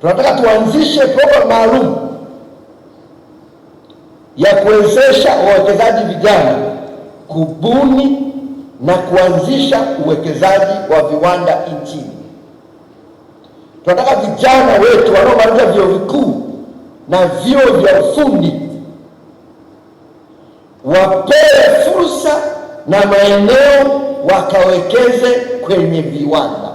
tunataka tuanzishe programu maalum ya kuwezesha wawekezaji vijana kubuni na kuanzisha uwekezaji wa viwanda nchini. Tunataka vijana wetu wanaomaliza vyuo vikuu na vyuo vya ufundi wapewe fursa na maeneo wakawekeze kwenye viwanda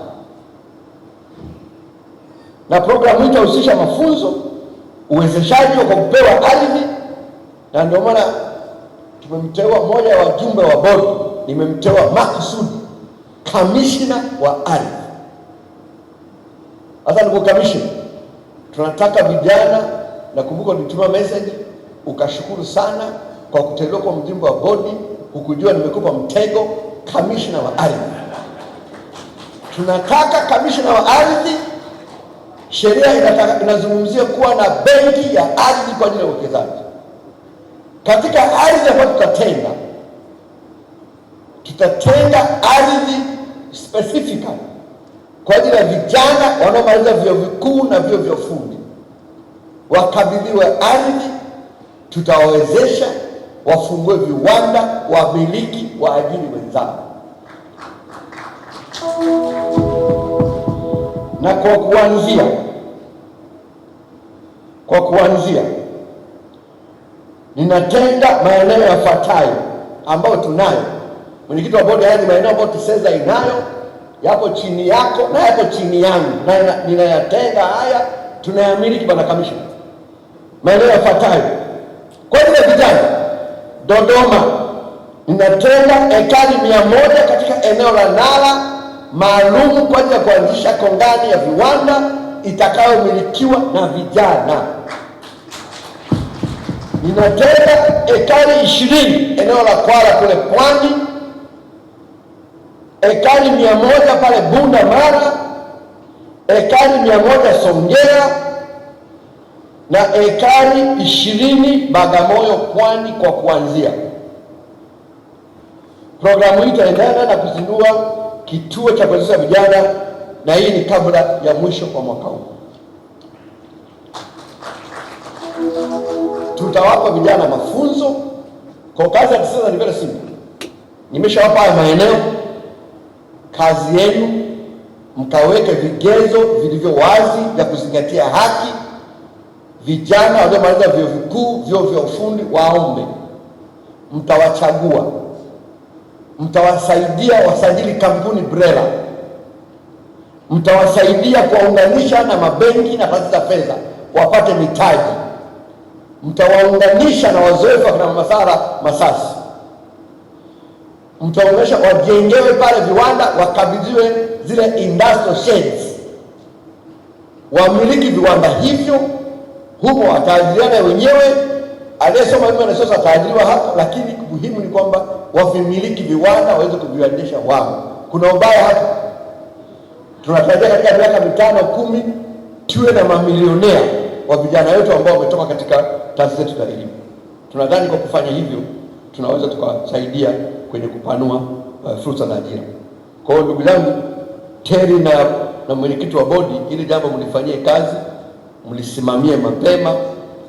na programu hii itahusisha mafunzo, uwezeshaji wa kupewa ardhi, na ndio maana tumemteua mmoja ya wajumbe wa bodi, nimemteua makusudi kamishna wa ardhi. hasa niko kamishina, tunataka vijana, nakumbuka nitumia message ukashukuru sana kwa kuteuliwa kwa mjumbe wa bodi, hukujua nimekupa mtego kamishna wa ardhi. Tunataka kamishna wa ardhi sheria inataka inazungumzia kuwa na benki ya ardhi kwa ajili ya uwekezaji katika ardhi ambayo tutatenga. Tutatenga ardhi specifically kwa ajili ya vijana wanaomaliza vyuo vikuu na vyuo vya ufundi, wakabidhiwe ardhi, tutawawezesha wafungue viwanda, wamiliki, waajiri wenzao na kwa kuanzia, kwa kuanzia ninatenda maeneo yafuatayo ambayo tunayo. Mwenyekiti wa bodi haya ni maeneo ambayo TISEZA inayo yapo chini yako na yako chini yangu, na ninayatenga haya, tunayamiliki bwana kamishna. Maeneo yafuatayo, kwa vile vijana, Dodoma, ninatenda hekari mia moja katika eneo la Nala maalum kwa ajili ya kuanzisha kongani ya viwanda itakayomilikiwa na vijana. Ninatenga ekari ishirini eneo la Kwala kule Pwani, ekari mia moja pale Bunda Mara, ekari mia moja Songea na ekari ishirini Bagamoyo Pwani kwa kuanzia. Programu hii itaendana na kuzindua kituo cha kuwezesha vijana, na hii ni kabla ya mwisho kwa mwaka huu. Tutawapa vijana mafunzo kwa kazi ya kisasa. Ni vile simu nimeshawapa haya maeneo, kazi yenu mkaweke vigezo vilivyo wazi vya kuzingatia haki. Vijana waliomaliza vyuo vikuu, vyuo vya ufundi, waombe mtawachagua mtawasaidia wasajili kampuni BRELA, mtawasaidia kuwaunganisha na mabenki na taasisi za fedha wapate mitaji, mtawaunganisha na wazoefu wakina Masara Masasi, mtawaunganisha wajengewe pale viwanda, wakabidhiwe zile industrial sheds, wamiliki viwanda hivyo, humo wataajiriana wenyewe. Aliyesoma mimi anaweza ataajiriwa hapa, lakini muhimu ni kwamba wasimiliki viwanda waweze kuviendesha wao. Kuna ubaya hapa. Tunatarajia katika miaka mitano kumi tuwe na mamilionea wa vijana wetu ambao wametoka katika taasisi zetu za elimu. Tunadhani kwa kufanya hivyo tunaweza tukawasaidia kwenye kupanua uh, fursa za ajira. Kwa hiyo ndugu zangu, TERI na, na mwenyekiti wa bodi, ili jambo mlifanyie kazi, mlisimamie mapema,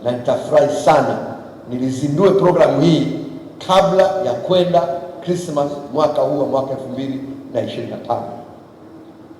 na nitafurahi sana nilizindue programu hii kabla ya kwenda Christmas mwaka huu wa mwaka 2025.